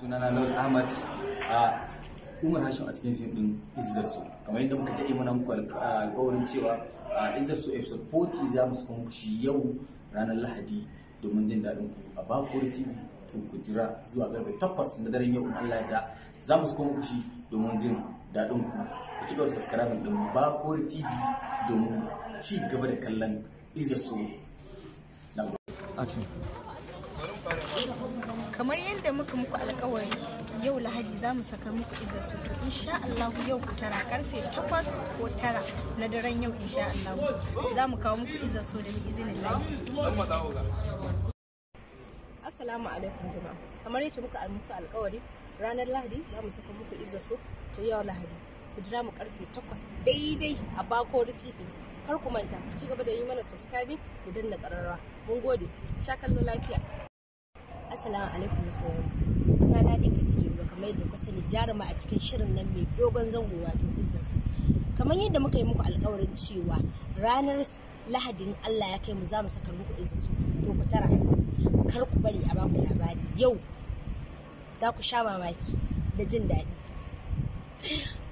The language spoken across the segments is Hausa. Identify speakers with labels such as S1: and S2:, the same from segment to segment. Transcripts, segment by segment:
S1: sunana lord ahmad a umar hashim a cikin fim din izzar su kamar yadda muka daɗe mana muku alƙawarin cewa a izzar su episode 40 za mu suka muku shi yau ranar lahadi domin jin daɗin ku a bakuwar tv to ku jira zuwa garbe takwas na daren yau in allah da za mu suka muku shi domin jin daɗin ku ku ci gaba da subscribe din bakuwar tv domin ci gaba da kallon izzar su na gode
S2: kamar yadda muka muku alkawari yau lahadi za mu saka muku iza su to insha Allah yau ku tara karfe 8 ko 9 na daren yau insha Allah za mu kawo muku iza su da izinin Allah Assalamu alaikum jama'a kamar yadda muka muku alkawari ranar lahadi za mu saka muku iza su to yau lahadi ku jira mu karfe 8 daidai a Bakori TV kar ku manta ku ci gaba da yi mana subscribing da danna ƙararrawa mun gode sha kallo lafiya assalamu alaikum sauran suna na ɗin kadija ba kamar yadda ku sani jaruma a cikin shirin nan mai dogon zango wato su kamar yadda muka yi muku alkawarin cewa ranar lahadin allah ya kai mu za mu saka muku su to ku tara kar ku bari a baku labari yau za ku sha mamaki da jin daɗi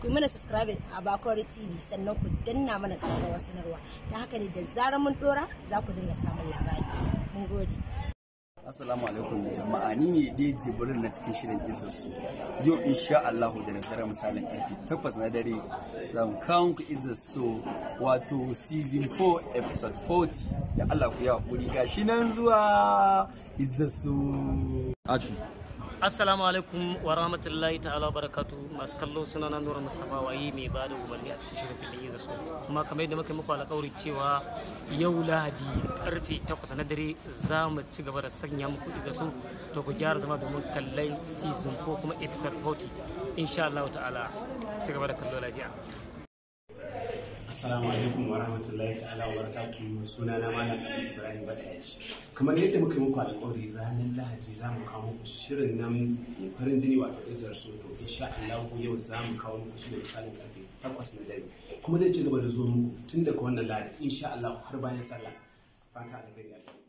S2: ku mana subscribe a Bakori TV sannan ku danna mana ƙararrawar sanarwa ta haka ne da zarar mun dora za ku dinga samun labari mun gode
S3: Assalamu alaikum jama'a ni ne dai Jibril na cikin shirin izzarsu yau insha Allahu da dare misalin karfe 8 na dare za mu kawo ku izzarsu wato season 4 episode 40 da Allah ku ya hakuri gashi nan zuwa izzarsu
S4: assalamu alaikum wa rahmatullahi ta'ala barakatu masu kallo suna na nura mustapha wayi mai ba da umarni a cikin shirin filin yiza kuma kamar yadda muka muku alƙawari cewa yau lahadi karfe takwas na dare za mu ci gaba da sanya muku iza su to ku gyara zama domin kallon season ko kuma episode 40 insha Allah ta'ala ci gaba da kallo lafiya
S1: Assalamu alaikum wa rahmatullahi ta'ala wa barakatuhu suna na Malam Ali Ibrahim Badayaci. Kamar yadda muka yi muku alƙawari ranar Lahadi za mu kawo muku shirin nan farin jini wato izar so to insha Allah yau za mu kawo muku shi da misalin karfe takwas na dare. Kuma zai ci gaba da zuwa muku tun daga wannan Lahadi insha Allah har bayan sallah. Fata alheri